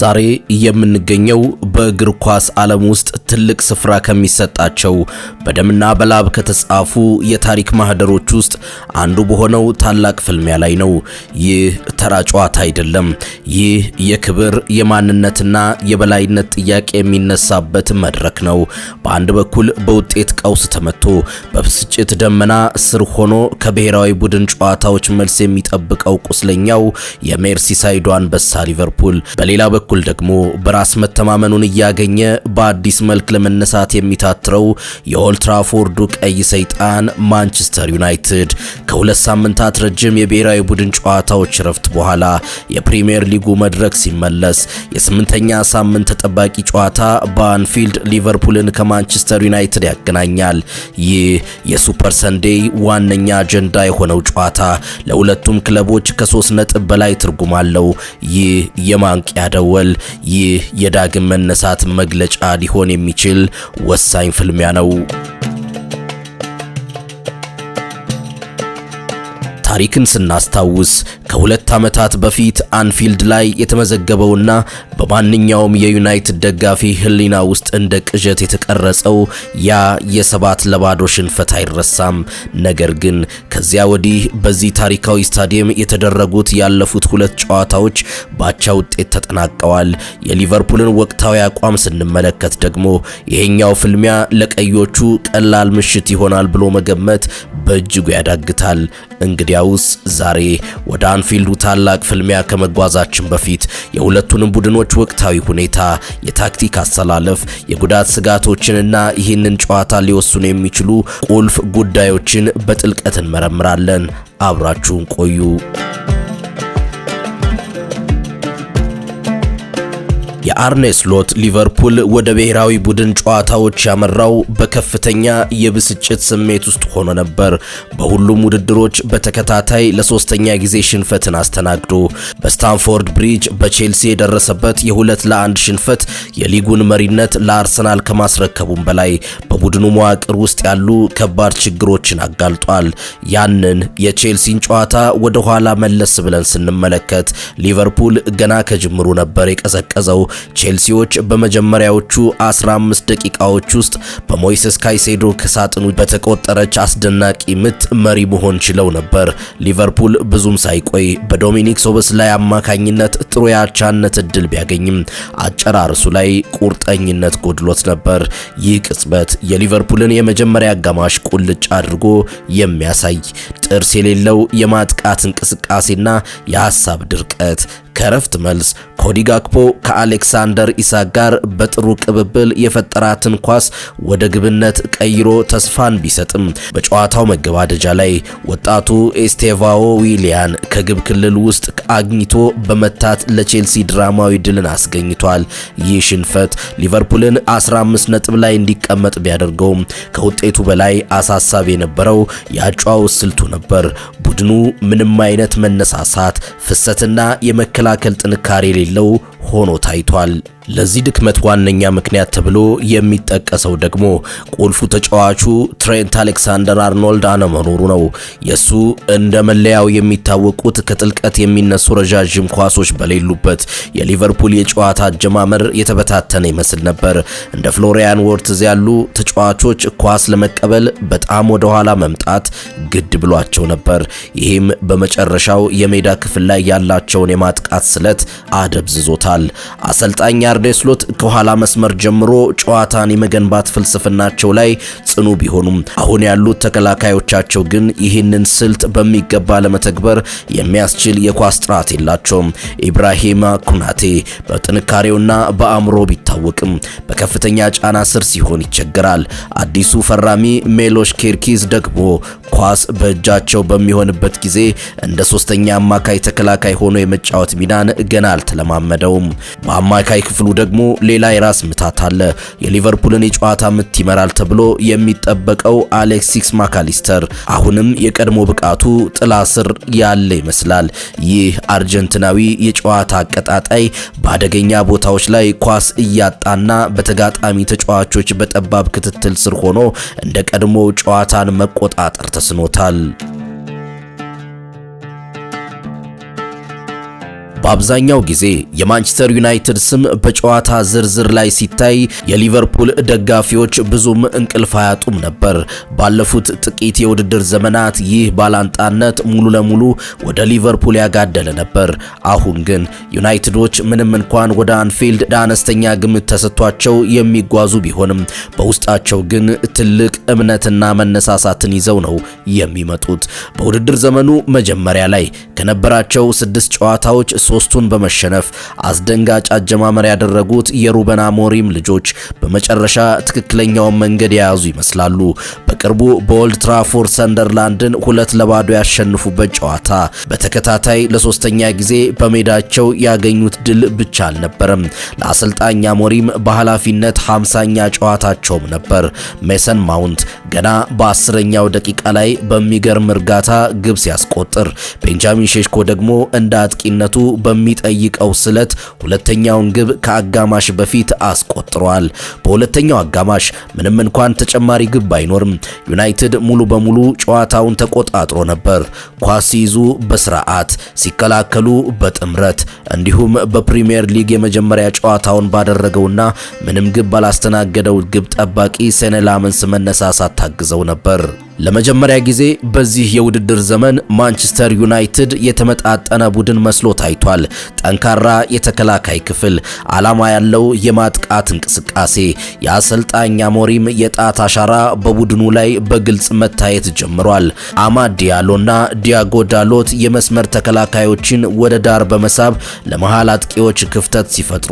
ዛሬ የምንገኘው በእግር ኳስ ዓለም ውስጥ ትልቅ ስፍራ ከሚሰጣቸው በደምና በላብ ከተጻፉ የታሪክ ማህደሮች ውስጥ አንዱ በሆነው ታላቅ ፍልሚያ ላይ ነው። ይህ ተራ ጨዋታ አይደለም። ይህ የክብር የማንነትና የበላይነት ጥያቄ የሚነሳበት መድረክ ነው። በአንድ በኩል በውጤት ቀውስ ተመቶ በብስጭት ደመና ስር ሆኖ ከብሔራዊ ቡድን ጨዋታዎች መልስ የሚጠብቀው ቁስለኛው የሜርሲሳይዱ አንበሳ ሊቨርፑል፣ በሌላ በኩል ደግሞ በራስ መተማመኑን እያገኘ በአዲስ መልክ ለመነሳት የሚታትረው የኦልትራፎርዱ ቀይ ሰይጣን ማንቸስተር ዩናይትድ ከሁለት ሳምንታት ረጅም የብሔራዊ ቡድን ጨዋታዎች ረፍት በኋላ የፕሪሚየር ሊጉ መድረክ ሲመለስ የስምንተኛ ሳምንት ተጠባቂ ጨዋታ በአንፊልድ ሊቨርፑልን ከማንቸስተር ዩናይትድ ያገናኛል። ይህ የሱፐር ሰንዴይ ዋነኛ አጀንዳ የሆነው ጨዋታ ለሁለቱም ክለቦች ከሶስት ነጥብ በላይ ትርጉም አለው። ይህ የማንቂያ ደወል መደወል ይህ የዳግም መነሳት መግለጫ ሊሆን የሚችል ወሳኝ ፍልሚያ ነው። ታሪክን ስናስታውስ ከሁለት ዓመታት በፊት አንፊልድ ላይ የተመዘገበውና በማንኛውም የዩናይትድ ደጋፊ ሕሊና ውስጥ እንደ ቅዠት የተቀረጸው ያ የሰባት ለባዶ ሽንፈት አይረሳም። ነገር ግን ከዚያ ወዲህ በዚህ ታሪካዊ ስታዲየም የተደረጉት ያለፉት ሁለት ጨዋታዎች ባቻ ውጤት ተጠናቀዋል። የሊቨርፑልን ወቅታዊ አቋም ስንመለከት ደግሞ ይሄኛው ፍልሚያ ለቀዮቹ ቀላል ምሽት ይሆናል ብሎ መገመት በእጅጉ ያዳግታል። እንግዲያ ቀውስ ዛሬ ወደ አንፊልዱ ታላቅ ፍልሚያ ከመጓዛችን በፊት የሁለቱንም ቡድኖች ወቅታዊ ሁኔታ፣ የታክቲክ አሰላለፍ፣ የጉዳት ስጋቶችንና ይህንን ጨዋታ ሊወስኑ የሚችሉ ቁልፍ ጉዳዮችን በጥልቀት እንመረምራለን። አብራችሁን ቆዩ። የአርኔ ስሎት ሊቨርፑል ወደ ብሔራዊ ቡድን ጨዋታዎች ያመራው በከፍተኛ የብስጭት ስሜት ውስጥ ሆኖ ነበር። በሁሉም ውድድሮች በተከታታይ ለሶስተኛ ጊዜ ሽንፈትን አስተናግዶ በስታንፎርድ ብሪጅ በቼልሲ የደረሰበት የሁለት ለአንድ ሽንፈት የሊጉን መሪነት ለአርሰናል ከማስረከቡም በላይ በቡድኑ መዋቅር ውስጥ ያሉ ከባድ ችግሮችን አጋልጧል። ያንን የቼልሲን ጨዋታ ወደ ኋላ መለስ ብለን ስንመለከት ሊቨርፑል ገና ከጅምሩ ነበር የቀዘቀዘው። ቼልሲዎች በመጀመሪያዎቹ 15 ደቂቃዎች ውስጥ በሞይሰስ ካይሴዶ ከሳጥኑ በተቆጠረች አስደናቂ ምት መሪ መሆን ችለው ነበር። ሊቨርፑል ብዙም ሳይቆይ በዶሚኒክ ላይ አማካኝነት ጥሩ የአቻነት እድል ቢያገኝም አጨራርሱ ላይ ቁርጠኝነት ጎድሎት ነበር። ይህ ቅጽበት የሊቨርፑልን የመጀመሪያ አጋማሽ ቁልጭ አድርጎ የሚያሳይ ጥርስ የሌለው የማጥቃት እንቅስቃሴና የሐሳብ ድርቀት ከረፍት መልስ ኮዲ ጋክፖ ከአሌክሳንደር ኢሳክ ጋር በጥሩ ቅብብል የፈጠራትን ኳስ ወደ ግብነት ቀይሮ ተስፋን ቢሰጥም በጨዋታው መገባደጃ ላይ ወጣቱ ኤስቴቫኦ ዊሊያን ከግብ ክልል ውስጥ አግኝቶ በመታት ለቼልሲ ድራማዊ ድልን አስገኝቷል። ይህ ሽንፈት ሊቨርፑልን 15 ነጥብ ላይ እንዲቀመጥ ቢያደርገውም ከውጤቱ በላይ አሳሳቢ የነበረው የአጨዋወት ስልቱ ነበር። ነበር። ቡድኑ ምንም አይነት መነሳሳት፣ ፍሰትና የመከላከል ጥንካሬ የሌለው ሆኖ ታይቷል። ለዚህ ድክመት ዋነኛ ምክንያት ተብሎ የሚጠቀሰው ደግሞ ቁልፉ ተጫዋቹ ትሬንት አሌክሳንደር አርኖልድ አለመኖሩ ነው። የሱ እንደ መለያው የሚታወቁት ከጥልቀት የሚነሱ ረዣዥም ኳሶች በሌሉበት የሊቨርፑል የጨዋታ አጀማመር የተበታተነ ይመስል ነበር። እንደ ፍሎሪያን ወርትዝ ያሉ ተጫዋቾች ኳስ ለመቀበል በጣም ወደ ኋላ መምጣት ግድ ብሏቸው ነበር። ይህም በመጨረሻው የሜዳ ክፍል ላይ ያላቸውን የማጥቃት ስለት አደብዝዞታል። አሰልጣኝ አርኔ ስሎት ከኋላ መስመር ጀምሮ ጨዋታን የመገንባት ፍልስፍናቸው ላይ ጽኑ ቢሆኑም አሁን ያሉት ተከላካዮቻቸው ግን ይህንን ስልት በሚገባ ለመተግበር የሚያስችል የኳስ ጥራት የላቸውም። ኢብራሂማ ኩናቴ በጥንካሬውና በአእምሮ ቢታወቅም በከፍተኛ ጫና ስር ሲሆን ይቸገራል። አዲሱ ፈራሚ ሜሎሽ ኬርኪዝ ደግሞ ኳስ በእጃቸው በሚሆንበት ጊዜ እንደ ሶስተኛ አማካይ ተከላካይ ሆኖ የመጫወት ሚናን ገና አልተለማመደውም። በአማካይ ክፍሉ ስትሉ ደግሞ ሌላ የራስ ምታት አለ። የሊቨርፑልን የጨዋታ ምት ይመራል ተብሎ የሚጠበቀው አሌክሲስ ማካሊስተር አሁንም የቀድሞ ብቃቱ ጥላ ስር ያለ ይመስላል። ይህ አርጀንቲናዊ የጨዋታ አቀጣጣይ በአደገኛ ቦታዎች ላይ ኳስ እያጣና በተጋጣሚ ተጫዋቾች በጠባብ ክትትል ስር ሆኖ እንደ ቀድሞ ጨዋታን መቆጣጠር ተስኖታል። አብዛኛው ጊዜ የማንቸስተር ዩናይትድ ስም በጨዋታ ዝርዝር ላይ ሲታይ የሊቨርፑል ደጋፊዎች ብዙም እንቅልፍ አያጡም ነበር። ባለፉት ጥቂት የውድድር ዘመናት ይህ ባላንጣነት ሙሉ ለሙሉ ወደ ሊቨርፑል ያጋደለ ነበር። አሁን ግን ዩናይትዶች ምንም እንኳን ወደ አንፊልድ አነስተኛ ግምት ተሰጥቷቸው የሚጓዙ ቢሆንም በውስጣቸው ግን ትልቅ እምነትና መነሳሳትን ይዘው ነው የሚመጡት። በውድድር ዘመኑ መጀመሪያ ላይ ከነበራቸው ስድስት ጨዋታዎች ሶስቱን በመሸነፍ አስደንጋጭ አጀማመር ያደረጉት የሩበን አሞሪም ልጆች በመጨረሻ ትክክለኛውን መንገድ የያዙ ይመስላሉ። በቅርቡ በኦልድ ትራፎርድ ሰንደርላንድን ሁለት ለባዶ ያሸንፉበት ጨዋታ በተከታታይ ለሶስተኛ ጊዜ በሜዳቸው ያገኙት ድል ብቻ አልነበረም፣ ለአሰልጣኝ አሞሪም በኃላፊነት ሃምሳኛ ጨዋታቸውም ነበር። ሜሰን ማውንት ገና በአስረኛው ደቂቃ ላይ በሚገርም እርጋታ ግብ ሲያስቆጥር፣ ቤንጃሚን ሼሽኮ ደግሞ እንደ አጥቂነቱ በሚጠይቀው ስለት ሁለተኛውን ግብ ከአጋማሽ በፊት አስቆጥሯል። በሁለተኛው አጋማሽ ምንም እንኳን ተጨማሪ ግብ ባይኖርም ዩናይትድ ሙሉ በሙሉ ጨዋታውን ተቆጣጥሮ ነበር። ኳስ ሲይዙ በስርዓት ሲከላከሉ በጥምረት እንዲሁም በፕሪሚየር ሊግ የመጀመሪያ ጨዋታውን ባደረገውና ምንም ግብ ባላስተናገደው ግብ ጠባቂ ሴኔ ላመንስ መነሳሳት ታግዘው ነበር። ለመጀመሪያ ጊዜ በዚህ የውድድር ዘመን ማንቸስተር ዩናይትድ የተመጣጠነ ቡድን መስሎ ታይቷል። ጠንካራ የተከላካይ ክፍል፣ ዓላማ ያለው የማጥቃት እንቅስቃሴ፣ የአሰልጣኝ አሞሪም የጣት አሻራ በቡድኑ ላይ በግልጽ መታየት ጀምሯል። አማድ ዲያሎና ዲያጎ ዳሎት የመስመር ተከላካዮችን ወደ ዳር በመሳብ ለመሃል አጥቂዎች ክፍተት ሲፈጥሩ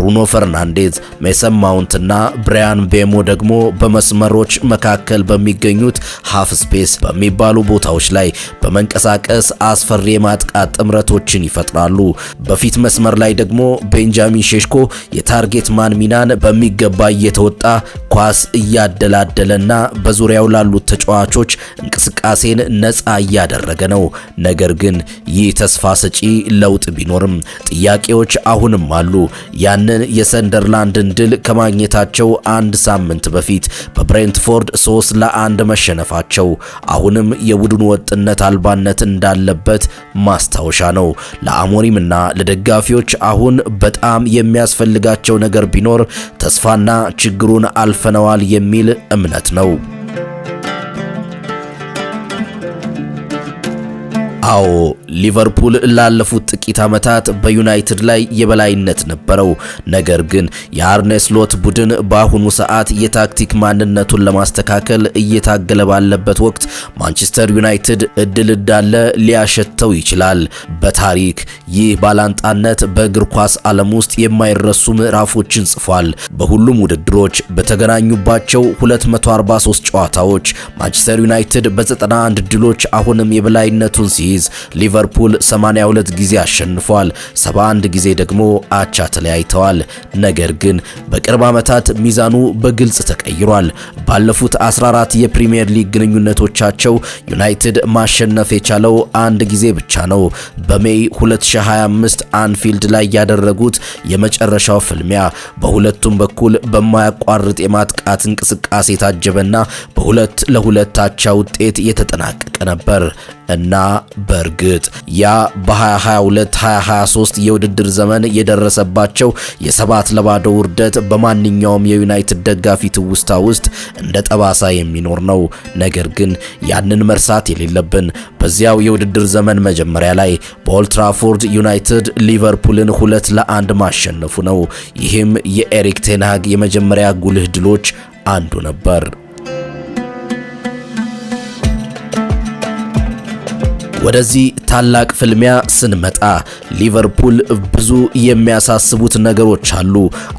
ብሩኖ ፈርናንዴዝ፣ ሜሰን ማውንትና ብሪያን ቤሞ ደግሞ በመስመሮች መካከል በሚገኙት ሃፍ ስፔስ በሚባሉ ቦታዎች ላይ በመንቀሳቀስ አስፈሪ የማጥቃት ጥምረቶችን ይፈጥራሉ። በፊት መስመር ላይ ደግሞ ቤንጃሚን ሼሽኮ የታርጌት ማን ሚናን በሚገባ እየተወጣ ኳስ እያደላደለና በዙሪያው ላሉት ተጫዋቾች እንቅስቃሴን ነፃ እያደረገ ነው። ነገር ግን ይህ ተስፋ ሰጪ ለውጥ ቢኖርም ጥያቄዎች አሁንም አሉ። ያን ይህንን የሰንደርላንድን ድል ከማግኘታቸው አንድ ሳምንት በፊት በብሬንትፎርድ ሶስት ለአንድ መሸነፋቸው አሁንም የቡድኑ ወጥነት አልባነት እንዳለበት ማስታወሻ ነው። ለአሞሪምና ለደጋፊዎች አሁን በጣም የሚያስፈልጋቸው ነገር ቢኖር ተስፋና ችግሩን አልፈነዋል የሚል እምነት ነው። አዎ ሊቨርፑል ላለፉት ጥቂት ዓመታት በዩናይትድ ላይ የበላይነት ነበረው። ነገር ግን የአርኔስ ሎት ቡድን በአሁኑ ሰዓት የታክቲክ ማንነቱን ለማስተካከል እየታገለ ባለበት ወቅት ማንቸስተር ዩናይትድ እድል እንዳለ ሊያሸተው ይችላል። በታሪክ ይህ ባላንጣነት በእግር ኳስ ዓለም ውስጥ የማይረሱ ምዕራፎችን ጽፏል። በሁሉም ውድድሮች በተገናኙባቸው 243 ጨዋታዎች ማንቸስተር ዩናይትድ በ91 ድሎች አሁንም የበላይነቱን ሲይዝ ሲይዝ ሊቨርፑል 82 ጊዜ አሸንፏል፣ 71 ጊዜ ደግሞ አቻ ተለያይተዋል። ነገር ግን በቅርብ ዓመታት ሚዛኑ በግልጽ ተቀይሯል። ባለፉት 14 የፕሪሚየር ሊግ ግንኙነቶቻቸው ዩናይትድ ማሸነፍ የቻለው አንድ ጊዜ ብቻ ነው። በሜይ 2025 አንፊልድ ላይ ያደረጉት የመጨረሻው ፍልሚያ በሁለቱም በኩል በማያቋርጥ የማጥቃት እንቅስቃሴ የታጀበና በሁለት ለሁለት አቻ ውጤት የተጠናቀቀ ነበር። እና በእርግጥ ያ በ2022-2023 የውድድር ዘመን የደረሰባቸው የሰባት ለባዶ ውርደት በማንኛውም የዩናይትድ ደጋፊ ትውስታ ውስጥ እንደ ጠባሳ የሚኖር ነው። ነገር ግን ያንን መርሳት የሌለብን በዚያው የውድድር ዘመን መጀመሪያ ላይ በኦልትራፎርድ ዩናይትድ ሊቨርፑልን ሁለት ለአንድ ማሸነፉ ነው። ይህም የኤሪክ ቴንሃግ የመጀመሪያ ጉልህ ድሎች አንዱ ነበር። ወደዚህ ታላቅ ፍልሚያ ስንመጣ ሊቨርፑል ብዙ የሚያሳስቡት ነገሮች አሉ።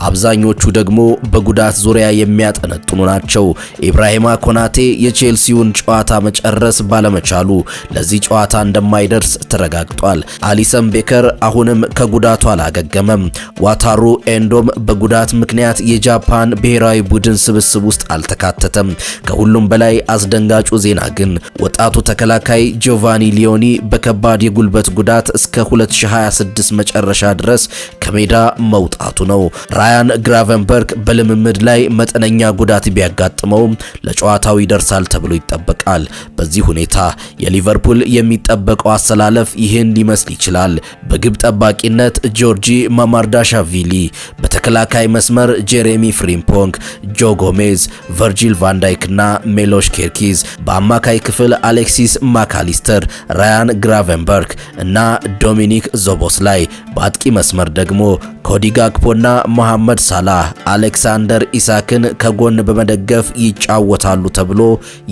አብዛኞቹ ደግሞ በጉዳት ዙሪያ የሚያጠነጥኑ ናቸው። ኢብራሂማ ኮናቴ የቼልሲውን ጨዋታ መጨረስ ባለመቻሉ ለዚህ ጨዋታ እንደማይደርስ ተረጋግጧል። አሊሰን ቤከር አሁንም ከጉዳቱ አላገገመም። ዋታሩ ኤንዶም በጉዳት ምክንያት የጃፓን ብሔራዊ ቡድን ስብስብ ውስጥ አልተካተተም። ከሁሉም በላይ አስደንጋጩ ዜና ግን ወጣቱ ተከላካይ ጆቫኒ ሊዮኒ በከ ከባድ የጉልበት ጉዳት እስከ 2026 መጨረሻ ድረስ ከሜዳ መውጣቱ ነው። ራያን ግራቨንበርግ በልምምድ ላይ መጠነኛ ጉዳት ቢያጋጥመውም ለጨዋታው ይደርሳል ተብሎ ይጠበቃል። በዚህ ሁኔታ የሊቨርፑል የሚጠበቀው አሰላለፍ ይህን ሊመስል ይችላል። በግብ ጠባቂነት ጆርጂ ማማርዳሻቪሊ፣ በተከላካይ መስመር ጄሬሚ ፍሪምፖንግ፣ ጆ ጎሜዝ፣ ቨርጂል ቫንዳይክና ሜሎሽ ኬርኪዝ፣ በአማካይ ክፍል አሌክሲስ ማካሊስተር፣ ራያን ግራቨን ግራቨንበርክ እና ዶሚኒክ ዞቦስ ላይ በአጥቂ መስመር ደግሞ ኮዲ ጋክፖና መሐመድ ሳላህ አሌክሳንደር ኢሳክን ከጎን በመደገፍ ይጫወታሉ ተብሎ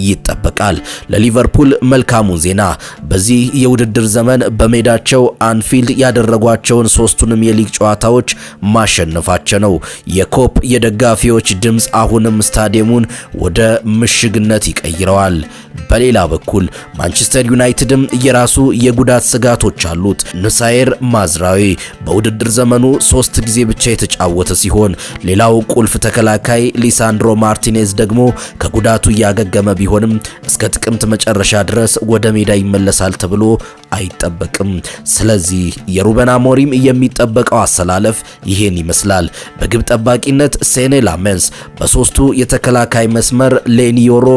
ይጠበቃል። ለሊቨርፑል መልካሙን ዜና በዚህ የውድድር ዘመን በሜዳቸው አንፊልድ ያደረጓቸውን ሶስቱንም የሊግ ጨዋታዎች ማሸነፋቸው ነው። የኮፕ የደጋፊዎች ድምፅ አሁንም ስታዲየሙን ወደ ምሽግነት ይቀይረዋል። በሌላ በኩል ማንቸስተር ዩናይትድም የራሱ የጉዳት ስጋቶች አሉት። ንሳኤር ማዝራዊ በውድድር ዘመኑ ሶስት ጊዜ ብቻ የተጫወተ ሲሆን ሌላው ቁልፍ ተከላካይ ሊሳንድሮ ማርቲኔዝ ደግሞ ከጉዳቱ እያገገመ ቢሆንም እስከ ጥቅምት መጨረሻ ድረስ ወደ ሜዳ ይመለሳል ተብሎ አይጠበቅም። ስለዚህ የሩበን አሞሪም የሚጠበቀው አሰላለፍ ይሄን ይመስላል። በግብ ጠባቂነት ሴኔ ላሜንስ፣ በሶስቱ የተከላካይ መስመር ሌኒዮሮ፣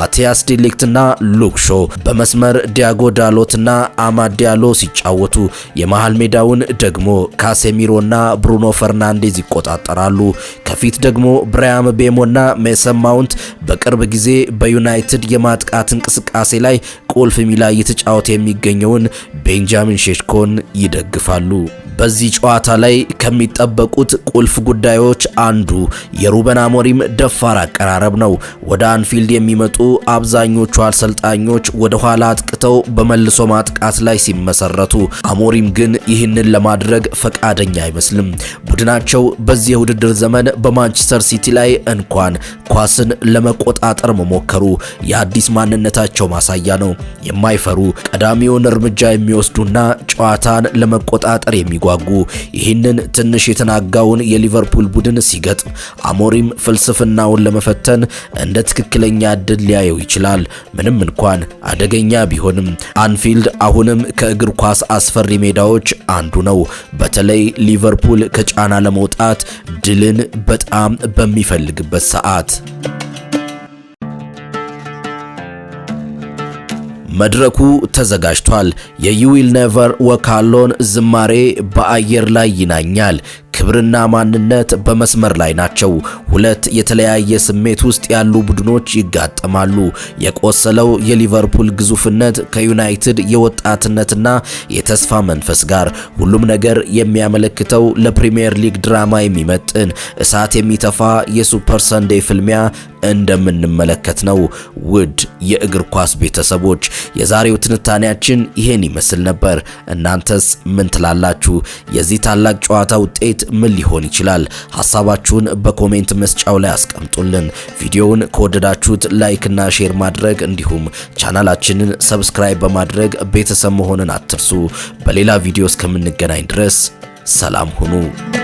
ማቲያስ ዲሊክትና ሉክሾ፣ በመስመር ዲያጎ ዳሎትና አማዲያሎ ሲጫወቱ የመሃል ሜዳውን ደግሞ ካሴሚሮና ብሩኖ ፈርናንዴዝ ይቆጣጠራሉ። ከፊት ደግሞ ብራያም ቤሞና ሜሰን ማውንት በቅርብ ጊዜ በዩናይትድ የማጥቃት እንቅስቃሴ ላይ ቁልፍ ሚላ እየተጫወተ የሚገኘውን ቤንጃሚን ሼሽኮን ይደግፋሉ። በዚህ ጨዋታ ላይ ከሚጠበቁት ቁልፍ ጉዳዮች አንዱ የሩበን አሞሪም ደፋር አቀራረብ ነው። ወደ አንፊልድ የሚመጡ አብዛኞቹ አሰልጣኞች ወደ ኋላ አጥቅተው በመልሶ ማጥቃት ላይ ሲመሰረቱ፣ አሞሪም ግን ይህንን ለማድረግ ፈቃደኛ አይመስልም። ቡድናቸው በዚህ የውድድር ዘመን በማንቸስተር ሲቲ ላይ እንኳን ኳስን ለመቆጣጠር መሞከሩ የአዲስ ማንነታቸው ማሳያ ነው። የማይፈሩ ቀዳሚውን እርምጃ የሚወስዱና ጨዋታን ለመቆጣጠር የሚ ሲጓጉ ይህንን ትንሽ የተናጋውን የሊቨርፑል ቡድን ሲገጥም አሞሪም ፍልስፍናውን ለመፈተን እንደ ትክክለኛ እድል ሊያየው ይችላል። ምንም እንኳን አደገኛ ቢሆንም አንፊልድ አሁንም ከእግር ኳስ አስፈሪ ሜዳዎች አንዱ ነው። በተለይ ሊቨርፑል ከጫና ለመውጣት ድልን በጣም በሚፈልግበት ሰዓት መድረኩ ተዘጋጅቷል። የዩዊል ኔቨር ወካሎን ዝማሬ በአየር ላይ ይናኛል። ክብርና ማንነት በመስመር ላይ ናቸው። ሁለት የተለያየ ስሜት ውስጥ ያሉ ቡድኖች ይጋጠማሉ። የቆሰለው የሊቨርፑል ግዙፍነት ከዩናይትድ የወጣትነትና የተስፋ መንፈስ ጋር ሁሉም ነገር የሚያመለክተው ለፕሪምየር ሊግ ድራማ የሚመጥን እሳት የሚተፋ የሱፐር ሰንዴ ፍልሚያ እንደምንመለከት ነው። ውድ የእግር ኳስ ቤተሰቦች የዛሬው ትንታኔያችን ይሄን ይመስል ነበር። እናንተስ ምን ትላላችሁ? የዚህ ታላቅ ጨዋታ ውጤት ምን ሊሆን ይችላል? ሀሳባችሁን በኮሜንት መስጫው ላይ አስቀምጡልን። ቪዲዮውን ከወደዳችሁት ላይክ እና ሼር ማድረግ እንዲሁም ቻናላችንን ሰብስክራይብ በማድረግ ቤተሰብ መሆንን አትርሱ። በሌላ ቪዲዮ እስከምንገናኝ ድረስ ሰላም ሁኑ።